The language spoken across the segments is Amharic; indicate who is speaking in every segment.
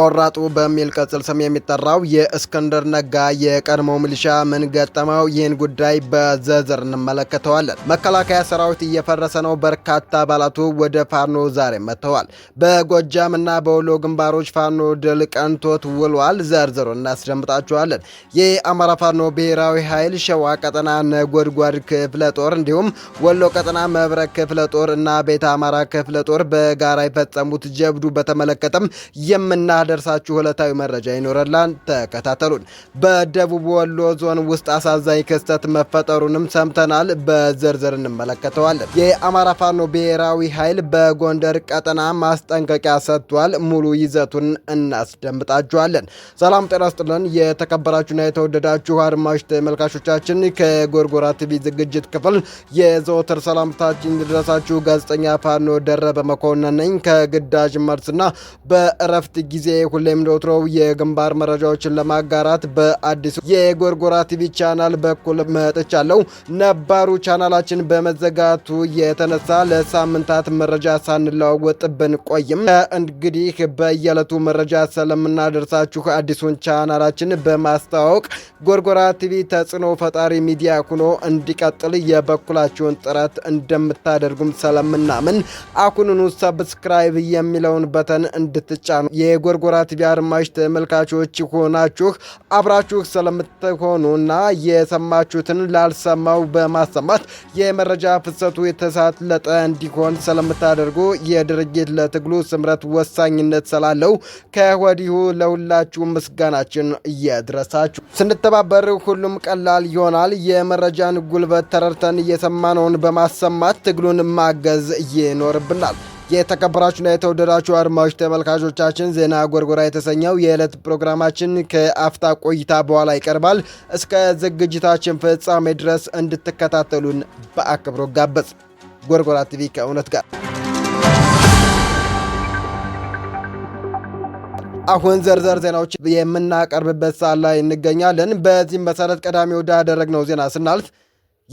Speaker 1: ቆራጡ በሚል ቅጽል ስም የሚጠራው የእስክንድር ነጋ የቀድሞ ሚሊሻ ምን ገጠመው? ይህን ጉዳይ በዝርዝር እንመለከተዋለን። መከላከያ ሰራዊት እየፈረሰ ነው። በርካታ አባላቱ ወደ ፋኖ ዛሬ መጥተዋል። በጎጃም እና በወሎ ግንባሮች ፋኖ ድል ቀንቶት ውሏል። ዝርዝሩ እናስደምጣችኋለን። የአማራ ፋኖ ብሔራዊ ኃይል ሸዋ ቀጠና ነጎድጓድ ክፍለ ጦር እንዲሁም ወሎ ቀጠና መብረቅ ክፍለ ጦር እና ቤተ አማራ ክፍለ ጦር በጋራ የፈጸሙት ጀብዱ በተመለከተም የምናደ የምናደርሳችሁ ዕለታዊ መረጃ ይኖረላን። ተከታተሉን። በደቡብ ወሎ ዞን ውስጥ አሳዛኝ ክስተት መፈጠሩንም ሰምተናል። በዝርዝር እንመለከተዋለን። የአማራ ፋኖ ብሔራዊ ኃይል በጎንደር ቀጠና ማስጠንቀቂያ ሰጥቷል። ሙሉ ይዘቱን እናስደምጣችኋለን። ሰላም ጤና ስጥልን። የተከበራችሁና የተወደዳችሁ አድማጭ ተመልካቾቻችን ከጎርጎራ ቲቪ ዝግጅት ክፍል የዘወትር ሰላምታችን ድረሳችሁ ጋዜጠኛ ፋኖ ደረበ መኮንን ነኝ። ከግዳጅ መልስና በእረፍት ጊዜ ሁሌም ዶትሮው የግንባር መረጃዎችን ለማጋራት በአዲሱ የጎርጎራ ቲቪ ቻናል በኩል መጥቻለሁ። ነባሩ ቻናላችን በመዘጋቱ የተነሳ ለሳምንታት መረጃ ሳንለዋወጥ ብንቆይም እንግዲህ በየዕለቱ መረጃ ስለምናደርሳችሁ አዲሱን ቻናላችን በማስተዋወቅ ጎርጎራ ቲቪ ተጽዕኖ ፈጣሪ ሚዲያ ሆኖ እንዲቀጥል የበኩላችሁን ጥረት እንደምታደርጉም ስለምናምን አሁኑኑ ሰብስክራይብ የሚለውን በተን እንድትጫኑ የጎር የጎራ ቲቪ አድማጭ ተመልካቾች ሆናችሁ አብራችሁ ስለምትሆኑና የሰማችሁትን ላልሰማው በማሰማት የመረጃ ፍሰቱ የተሳለጠ እንዲሆን ስለምታደርጉ የድርጅት ለትግሉ ስምረት ወሳኝነት ስላለው ከወዲሁ ለሁላችሁ ምስጋናችን እየድረሳችሁ ስንተባበር ሁሉም ቀላል ይሆናል። የመረጃን ጉልበት ተረድተን እየሰማነውን በማሰማት ትግሉን ማገዝ ይኖርብናል። የተከበራችሁና የተወደዳችሁ አድማጮች ተመልካቾቻችን ዜና ጎርጎራ የተሰኘው የዕለት ፕሮግራማችን ከአፍታ ቆይታ በኋላ ይቀርባል። እስከ ዝግጅታችን ፍጻሜ ድረስ እንድትከታተሉን በአክብሮ ጋበዝ። ጎርጎራ ቲቪ ከእውነት ጋር። አሁን ዘርዘር ዜናዎች የምናቀርብበት ሰዓት ላይ እንገኛለን። በዚህም መሰረት ቀዳሚ ወደ ያደረግነው ዜና ስናልፍ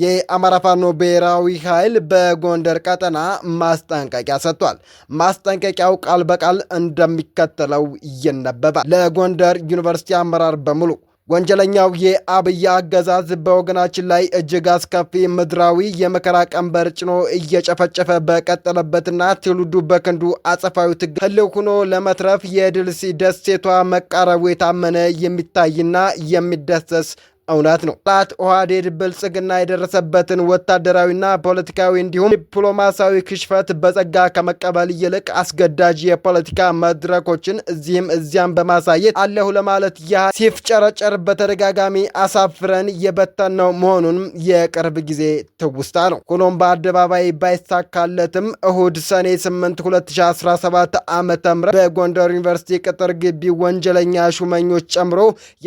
Speaker 1: የአማራ ፋኖ ብሔራዊ ኃይል በጎንደር ቀጠና ማስጠንቀቂያ ሰጥቷል። ማስጠንቀቂያው ቃል በቃል እንደሚከተለው ይነበባል። ለጎንደር ዩኒቨርሲቲ አመራር በሙሉ ወንጀለኛው የአብይ አገዛዝ በወገናችን ላይ እጅግ አስከፊ ምድራዊ የመከራ ቀንበር ጭኖ እየጨፈጨፈ በቀጠለበትና ትውልዱ በክንዱ አጸፋዊ ትግል ህልው ሆኖ ለመትረፍ የድል ደሴቷ መቃረቡ የታመነ የሚታይና የሚደሰስ እውነት ነው። ጠላት ኦህዴድ ብልጽግና የደረሰበትን ወታደራዊና ፖለቲካዊ እንዲሁም ዲፕሎማሲያዊ ክሽፈት በጸጋ ከመቀበል ይልቅ አስገዳጅ የፖለቲካ መድረኮችን እዚህም እዚያም በማሳየት አለሁ ለማለት ያህል ሲፍጨረጨር በተደጋጋሚ አሳፍረን የበተነው መሆኑንም የቅርብ ጊዜ ትውስታ ነው። ሆኖም በአደባባይ ባይሳካለትም እሁድ ሰኔ 8 2017 ዓ ም በጎንደር ዩኒቨርሲቲ ቅጥር ግቢ ወንጀለኛ ሹመኞች ጨምሮ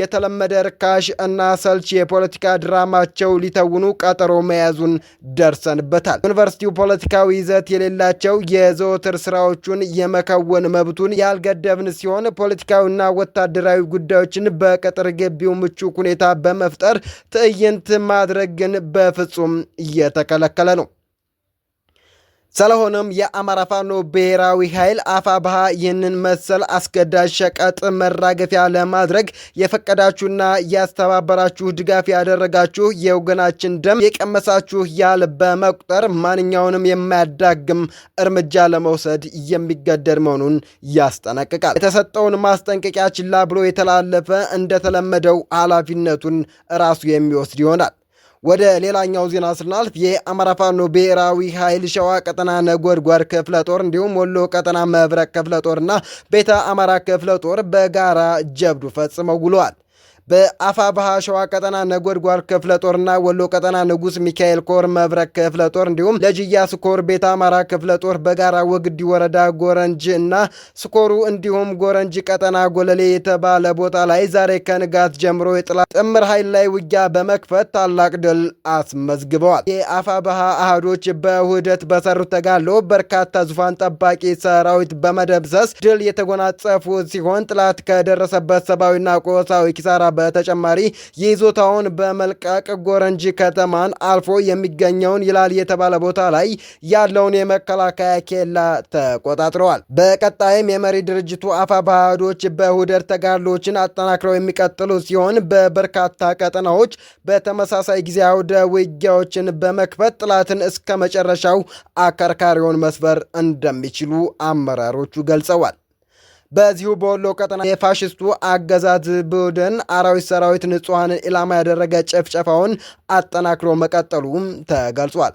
Speaker 1: የተለመደ ርካሽ እና ሰልች የፖለቲካ ድራማቸው ሊተውኑ ቀጠሮ መያዙን ደርሰንበታል። ዩኒቨርሲቲው ፖለቲካዊ ይዘት የሌላቸው የዘወትር ስራዎቹን የመከወን መብቱን ያልገደብን ሲሆን ፖለቲካዊና ወታደራዊ ጉዳዮችን በቅጥር ግቢው ምቹ ሁኔታ በመፍጠር ትዕይንት ማድረግ ግን በፍጹም እየተከለከለ ነው። ስለሆነም የአማራ ፋኖ ብሔራዊ ኃይል አፋብሃ ይህንን መሰል አስገዳጅ ሸቀጥ መራገፊያ ለማድረግ የፈቀዳችሁና ያስተባበራችሁ ድጋፍ ያደረጋችሁ የወገናችን ደም የቀመሳችሁ ያል በመቁጠር ማንኛውንም የማያዳግም እርምጃ ለመውሰድ የሚገደድ መሆኑን ያስጠነቅቃል። የተሰጠውን ማስጠንቀቂያ ችላ ብሎ የተላለፈ እንደተለመደው ኃላፊነቱን ራሱ የሚወስድ ይሆናል። ወደ ሌላኛው ዜና ስናልፍ የአማራ ፋኖ ብሔራዊ ኃይል ሸዋ ቀጠና ነጎድጓድ ክፍለ ጦር እንዲሁም ወሎ ቀጠና መብረቅ ክፍለ ጦርና ቤተ አማራ ክፍለ ጦር በጋራ ጀብዱ ፈጽመው ውለዋል። በአፋብሃ ሸዋ ቀጠና ነጎድጓድ ክፍለ ጦርና ወሎ ቀጠና ንጉስ ሚካኤል ኮር መብረቅ ክፍለ ጦር እንዲሁም ለጅያ ስኮር ቤተ አማራ ክፍለ ጦር በጋራ ወግዲ ወረዳ ጎረንጅ እና ስኮሩ እንዲሁም ጎረንጅ ቀጠና ጎለሌ የተባለ ቦታ ላይ ዛሬ ከንጋት ጀምሮ የጥላ ጥምር ኃይል ላይ ውጊያ በመክፈት ታላቅ ድል አስመዝግበዋል። ባሃ አህዶች በውህደት በሰሩት ተጋድሎ በርካታ ዙፋን ጠባቂ ሰራዊት በመደብሰስ ድል የተጎናጸፉ ሲሆን ጥላት ከደረሰበት ሰብአዊና ቆሳዊ ኪሳራ በተጨማሪ ይዞታውን በመልቀቅ ጎረንጂ ከተማን አልፎ የሚገኘውን ይላል የተባለ ቦታ ላይ ያለውን የመከላከያ ኬላ ተቆጣጥረዋል። በቀጣይም የመሪ ድርጅቱ ባህዶች በሁደር ተጋድሎችን አጠናክረው የሚቀጥሉ ሲሆን በበርካታ ቀጠናዎች በተመሳሳይ ጊዜ አውደ ውጊያዎችን በመክፈት ጥላትን እስከ መጨረሻው አከርካሪውን መስበር እንደሚችሉ አመራሮቹ ገልጸዋል። በዚሁ በወሎ ቀጠና የፋሽስቱ አገዛዝ ቡድን አራዊት ሰራዊት ንጹሐንን ኢላማ ያደረገ ጭፍጨፋውን አጠናክሮ መቀጠሉም ተገልጿል።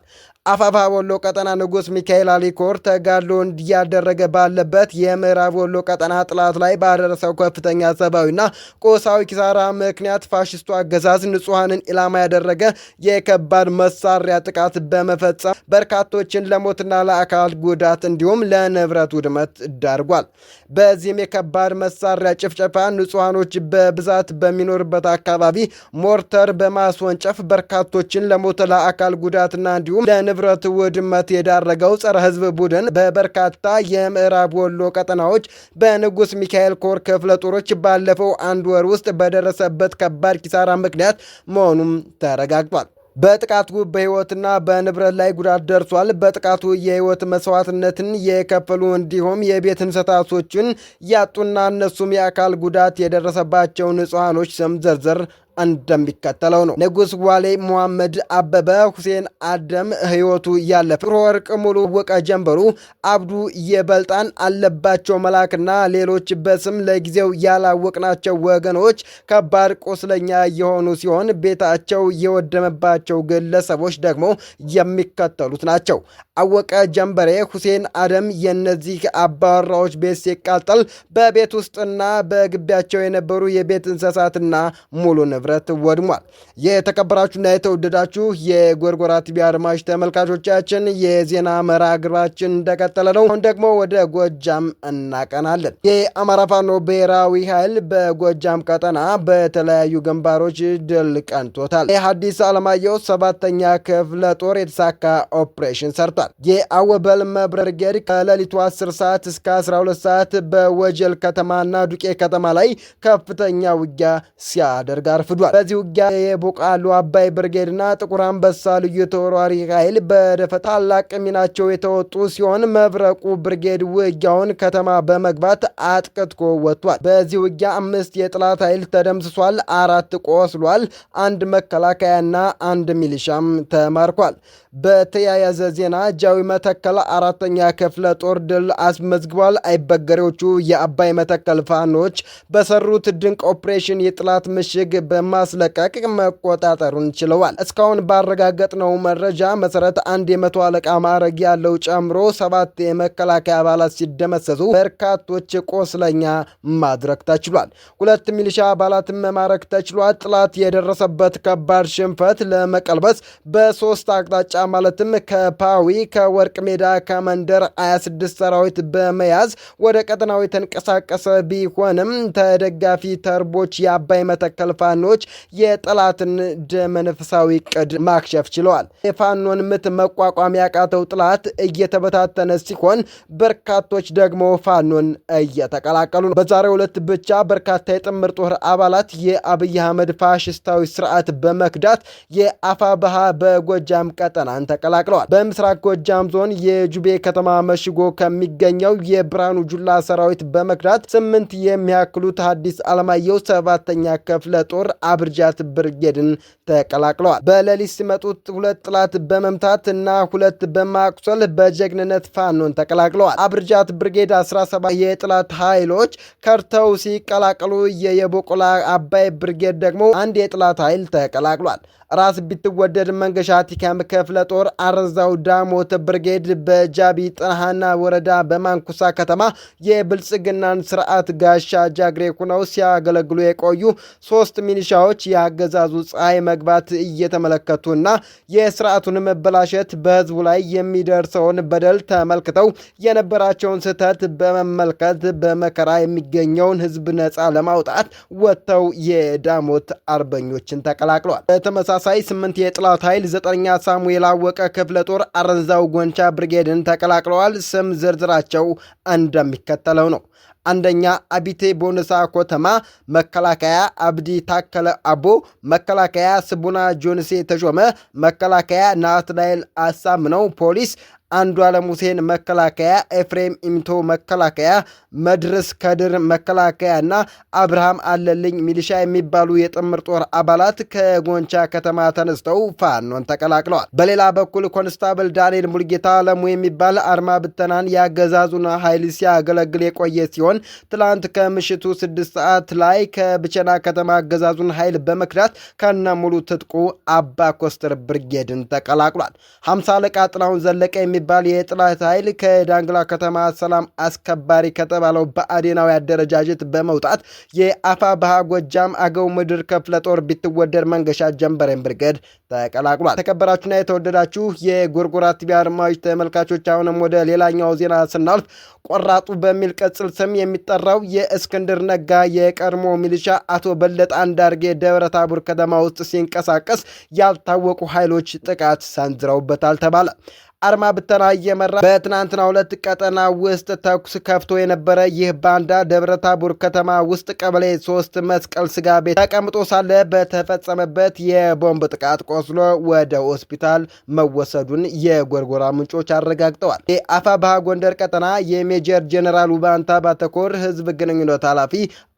Speaker 1: አፋፋ ወሎ ቀጠና ንጉስ ሚካኤል አሊኮር ተጋድሎ እንዲያደረገ ባለበት የምዕራብ ወሎ ቀጠና ጥላት ላይ ባደረሰው ከፍተኛ ሰብአዊና ቁሳዊ ኪሳራ ምክንያት ፋሽስቱ አገዛዝ ንጹሐንን ኢላማ ያደረገ የከባድ መሳሪያ ጥቃት በመፈጸም በርካቶችን ለሞትና ለአካል ጉዳት እንዲሁም ለንብረት ውድመት ዳርጓል። በዚህም የከባድ መሳሪያ ጭፍጨፋ ንጹሐኖች በብዛት በሚኖርበት አካባቢ ሞርተር በማስወንጨፍ በርካቶችን ለሞት ለአካል ጉዳትና እንዲሁም ንብረት ውድመት የዳረገው ጸረ ህዝብ ቡድን በበርካታ የምዕራብ ወሎ ቀጠናዎች በንጉስ ሚካኤል ኮር ክፍለ ጦሮች ባለፈው አንድ ወር ውስጥ በደረሰበት ከባድ ኪሳራ ምክንያት መሆኑም ተረጋግጧል። በጥቃቱ በህይወትና በንብረት ላይ ጉዳት ደርሷል። በጥቃቱ የህይወት መስዋዕትነትን የከፈሉ እንዲሁም የቤት እንስሳቶችን ያጡና እነሱም የአካል ጉዳት የደረሰባቸው ንጹሐኖች ስም ዝርዝር እንደሚከተለው ነው። ንጉስ ዋሌ መሐመድ አበበ፣ ሁሴን አደም፣ ህይወቱ ያለፈ ወርቅ ሙሉ፣ ወቀ ጀንበሩ፣ አብዱ የበልጣን፣ አለባቸው መላክና ሌሎች በስም ለጊዜው ያላወቅናቸው ወገኖች ከባድ ቁስለኛ የሆኑ ሲሆን ቤታቸው የወደመባቸው ግለሰቦች ደግሞ የሚከተሉት ናቸው። አወቀ ጀንበሬ፣ ሁሴን አደም የእነዚህ አባወራዎች ቤት ሲቃጠል በቤት ውስጥና በግቢያቸው የነበሩ የቤት እንስሳትና ሙሉ ንብረት ወድሟል። የተከበራችሁና የተወደዳችሁ የጎርጎራ ቲቪ አድማጭ ተመልካቾቻችን የዜና መርሃ ግብራችን እንደቀጠለ ነው። አሁን ደግሞ ወደ ጎጃም እናቀናለን። የአማራ ፋኖ ብሔራዊ ኃይል በጎጃም ቀጠና በተለያዩ ግንባሮች ድል ቀንቶታል። የሀዲስ ዓለማየሁ ሰባተኛ ክፍለ ጦር የተሳካ ኦፕሬሽን ሰርቷል። ይላል። የአወበል መብረርጌድ ከሌሊቱ 10 ሰዓት እስከ 12 ሰዓት በወጀል ከተማና ዱቄ ከተማ ላይ ከፍተኛ ውጊያ ሲያደርግ አርፍዷል። በዚህ ውጊያ የቦቃሉ አባይ ብርጌድና ጥቁር አንበሳ ልዩ ተወራሪ ኃይል በደፈጣ ታላቅ ሚናቸው የተወጡ ሲሆን መብረቁ ብርጌድ ውጊያውን ከተማ በመግባት አጥቅትኮ ወጥቷል። በዚህ ውጊያ አምስት የጥላት ኃይል ተደምስሷል፣ አራት ቆስሏል፣ አንድ መከላከያና አንድ ሚሊሻም ተማርኳል። በተያያዘ ዜና የአጃዊ መተከል አራተኛ ክፍለ ጦር ድል አስመዝግቧል። አይበገሬዎቹ የአባይ መተከል ፋኖች በሰሩት ድንቅ ኦፕሬሽን የጥላት ምሽግ በማስለቀቅ መቆጣጠሩን ችለዋል። እስካሁን ባረጋገጥነው መረጃ መሰረት አንድ የመቶ አለቃ ማዕረግ ያለው ጨምሮ ሰባት የመከላከያ አባላት ሲደመሰሱ በርካቶች ቆስለኛ ማድረግ ተችሏል። ሁለት ሚሊሻ አባላትን መማረክ ተችሏል። ጥላት የደረሰበት ከባድ ሽንፈት ለመቀልበስ በሶስት አቅጣጫ ማለትም ከፓዊ ከወርቅ ሜዳ ከመንደር 26 ሰራዊት በመያዝ ወደ ቀጠናው የተንቀሳቀሰ ቢሆንም ተደጋፊ ተርቦች የአባይ መተከል ፋኖች የጠላትን ደመነፍሳዊ ቅድ ማክሸፍ ችለዋል። የፋኖን ምት መቋቋም ያቃተው ጠላት እየተበታተነ ሲሆን፣ በርካቶች ደግሞ ፋኖን እየተቀላቀሉ ነው። በዛሬው ዕለት ብቻ በርካታ የጥምር ጦር አባላት የአብይ አህመድ ፋሽስታዊ ስርዓት በመክዳት የአፋ ባሃ በጎጃም ቀጠናን ተቀላቅለዋል። በምስራቅ በጎጃም ዞን የጁቤ ከተማ መሽጎ ከሚገኘው የብርሃኑ ጁላ ሰራዊት በመክዳት ስምንት የሚያክሉት ሐዲስ ዓለማየሁ ሰባተኛ ክፍለ ጦር አብርጃት ብርጌድን ተቀላቅለዋል። በሌሊት ሲመጡት ሁለት ጥላት በመምታት እና ሁለት በማቁሰል በጀግንነት ፋኖን ተቀላቅለዋል። አብርጃት ብርጌድ 17 የጥላት ኃይሎች ከርተው ሲቀላቀሉ የየቦቆላ አባይ ብርጌድ ደግሞ አንድ የጥላት ኃይል ተቀላቅሏል። ራስ ቢትወደድ መንገሻ ቲካም ክፍለ ጦር አረዛው ዳሞ ሞተ ብርጌድ በጃቢ ጥንሃና ወረዳ በማንኩሳ ከተማ የብልጽግናን ስርዓት ጋሻ ጃግሬ ሁነው ሲያገለግሉ የቆዩ ሶስት ሚኒሻዎች የአገዛዙ ፀሐይ መግባት እየተመለከቱና የስርዓቱን መበላሸት በህዝቡ ላይ የሚደርሰውን በደል ተመልክተው የነበራቸውን ስህተት በመመልከት በመከራ የሚገኘውን ህዝብ ነፃ ለማውጣት ወጥተው የዳሞት አርበኞችን ተቀላቅሏል። በተመሳሳይ ስምንት የጥላት ኃይል ዘጠነኛ ሳሙኤል አወቀ ክፍለ ጦር አረንዛ የበዛው ጎንቻ ብርጌድን ተቀላቅለዋል። ስም ዝርዝራቸው እንደሚከተለው ነው። አንደኛ አቢቴ ቦነሳ ኮተማ፣ መከላከያ አብዲ ታከለ አቦ፣ መከላከያ ስቡና ጆንሴ ተሾመ፣ መከላከያ ናትናኤል አሳምነው፣ ፖሊስ አንዱዓለም ሁሴን መከላከያ፣ ኤፍሬም ኢምቶ መከላከያ፣ መድረስ ከድር መከላከያ እና አብርሃም አለልኝ ሚሊሻ የሚባሉ የጥምር ጦር አባላት ከጎንቻ ከተማ ተነስተው ፋኖን ተቀላቅለዋል። በሌላ በኩል ኮንስታብል ዳንኤል ሙልጌታ አለሙ የሚባል አርማ ብተናን ያገዛዙን ኃይል ሲያገለግል የቆየ ሲሆን ትላንት ከምሽቱ ስድስት ሰዓት ላይ ከብቸና ከተማ አገዛዙን ኃይል በመክዳት ከነ ሙሉ ትጥቁ አባ ኮስተር ብርጌድን ተቀላቅሏል። ሀምሳ አለቃ ጥላሁን ዘለቀ የሚ የሚባል የጥላት ኃይል ከዳንግላ ከተማ ሰላም አስከባሪ ከተባለው በአዴናዊ አደረጃጀት በመውጣት የአፋ ባሃ ጎጃም አገው ምድር ክፍለ ጦር ቢትወደድ መንገሻ ጀንበሬን ብርገድ ተቀላቅሏል። ተከበራችሁና የተወደዳችሁ የጎርጎራ ቲቪ አድማጮች ተመልካቾች፣ አሁንም ወደ ሌላኛው ዜና ስናልፍ ቆራጡ በሚል ቅጽል ስም የሚጠራው የእስክንድር ነጋ የቀድሞ ሚሊሻ አቶ በለጠ አንዳርጌ ደብረ ታቦር ከተማ ውስጥ ሲንቀሳቀስ ያልታወቁ ኃይሎች ጥቃት ሰንዝረውበታል ተባለ። አርማ ብተና እየመራ በትናንትና ሁለት ቀጠና ውስጥ ተኩስ ከፍቶ የነበረ ይህ ባንዳ ደብረታቡር ከተማ ውስጥ ቀበሌ ሶስት መስቀል ስጋ ቤት ተቀምጦ ሳለ በተፈጸመበት የቦምብ ጥቃት ቆስሎ ወደ ሆስፒታል መወሰዱን የጎርጎራ ምንጮች አረጋግጠዋል። ባህ ጎንደር ቀጠና የሜጀር ጄኔራል ውባንታ ባተኮር ህዝብ ግንኙነት ኃላፊ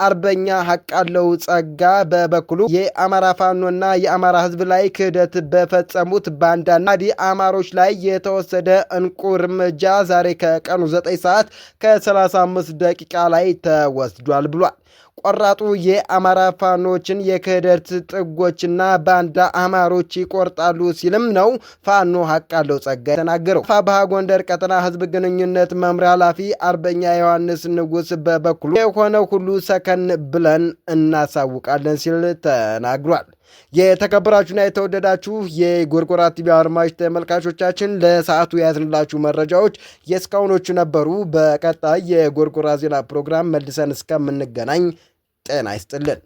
Speaker 1: አርበኛ ሀቃለው ጸጋ በበኩሉ የአማራ ፋኖና የአማራ ህዝብ ላይ ክህደት በፈጸሙት ባንዳና አማሮች ላይ የተወ የተወሰደ እንቁ እርምጃ ዛሬ ከቀኑ 9 ሰዓት ከ35 ደቂቃ ላይ ተወስዷል ብሏል። ቆራጡ የአማራ ፋኖችን የክህደት ጥጎችና ባንዳ አማሮች ይቆርጣሉ ሲልም ነው ፋኖ ሀቃለው ጸጋ የተናገረው። ፋባሃ ጎንደር ቀጠና ህዝብ ግንኙነት መምሪያ ኃላፊ አርበኛ ዮሐንስ ንጉስ በበኩሉ የሆነ ሁሉ ሰከን ብለን እናሳውቃለን ሲል ተናግሯል። የተከበራችሁና የተወደዳችሁ የጎርጎራ ቲቪ አድማጭ ተመልካቾቻችን ለሰዓቱ የያዝንላችሁ መረጃዎች የእስካሁኖቹ ነበሩ። በቀጣይ የጎርጎራ ዜና ፕሮግራም መልሰን እስከምንገናኝ ጤና ይስጥልን።